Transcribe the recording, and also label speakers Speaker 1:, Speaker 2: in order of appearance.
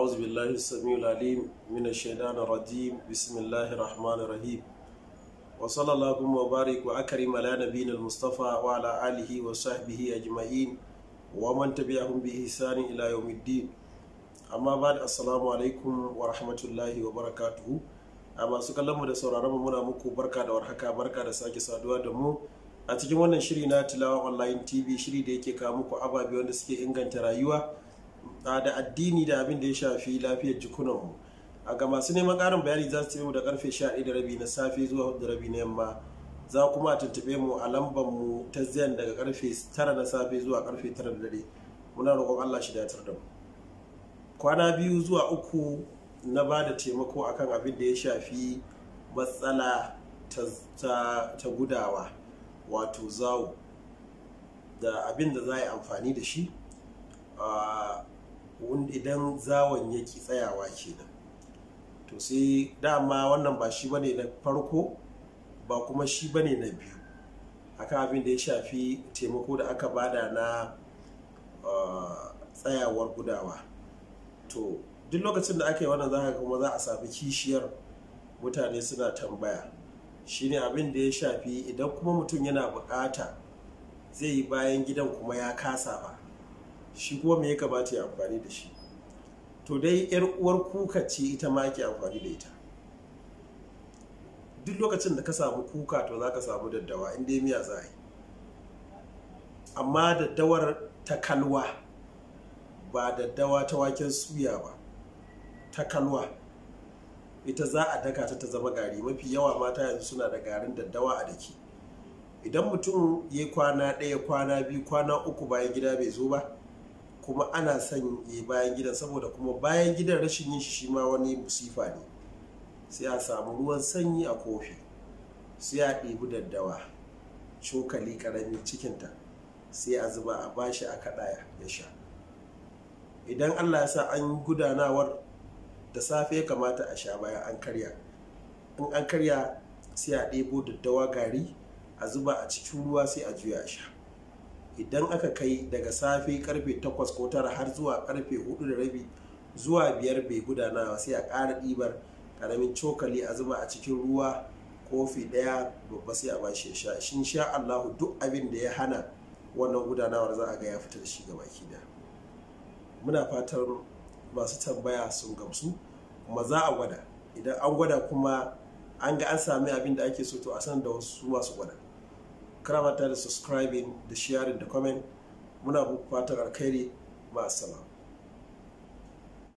Speaker 1: أعوذ بالله السميع العليم من الشيطان الرجيم بسم الله الرحمن الرحيم وصلى الله وبارك وأكرم على نبينا المصطفى وعلى آله وصحبه ba alaikum wa wa barakatuhu a masu kallonmu da sauraronmu muna muku barka da warhaka barka da sake saduwa da mu a cikin wannan shiri na tilawa online tv shiri da yake kawo muku ababe wanda suke inganta rayuwa da addini da abin da ya shafi lafiyar jikunanmu a ga masu neman ƙarin bayani za su mu da karfe 11:30 na safe zuwa da na yamma za kuma tattabe mu a lambanmu ta ziyan daga karfe 9 na safe zuwa karfe 9 da dare muna roƙon Allah shi da tar da mu kwana biyu zuwa uku na ba da taimako akan abin da ya shafi matsala ta gudawa wato zawo da abin da za a yi amfani da shi ah, idan zawon yake tsayawa kenan to sai dama wannan ba shi bane na farko ba kuma shi bane na biyu akan abin da ya shafi taimako da aka bada na ah, tsayawar gudawa to duk lokacin da aka yi wannan zaka kuma za a sami kishiyar mutane suna tambaya shine abin da ya shafi idan kuma mutum yana bukata zai yi bayan gidan kuma ya kasa ba shi kuma me ya kamata ya amfani da shi to dai yar uwar kuka ce ita ma ke amfani da ita duk lokacin da ka samu kuka to za ka samu daddawa inda miya za a yi amma daddawar ta kalwa ba daddawa ta waken suya ba ta kalwa ita za a daka ta ta zama gari mafi yawa mata yanzu suna da garin daddawa a daki idan mutum ya kwana ɗaya kwana biyu kwana uku bayan gida bai zo ba kuma ana son ya bayan gidan saboda kuma bayan gidan rashin yin shi ma wani musifa ne sai a samu ruwan sanyi a kofi sai a ɗibi daddawa cokali karami cikinta sai a zuba a bashi a kaɗa ya sha idan allah ya sa an gudanawar da safe ya kamata a sha bayan an karya in an karya sai a ɗebo daddawa gari a zuba a cikin ruwa sai a juya a sha idan aka kai daga safe karfe 8 ko tara har zuwa karfe 4 da rabi zuwa biyar bai gudanawa sai a kara ɗibar karamin cokali a zuma a cikin ruwa kofi ɗaya babba sai a bashi ya sha shin sha Allahu duk abin da ya hana wannan gudanawar za a ga ya fita da shi gaba ki muna fatan masu tambaya sun gamsu kuma za a gwada idan an gwada kuma an ga an sami abin da ake so to a san da wasu masu gwada karamata da subscribing da sharing da comment muna fatan alkhairi ma'assalam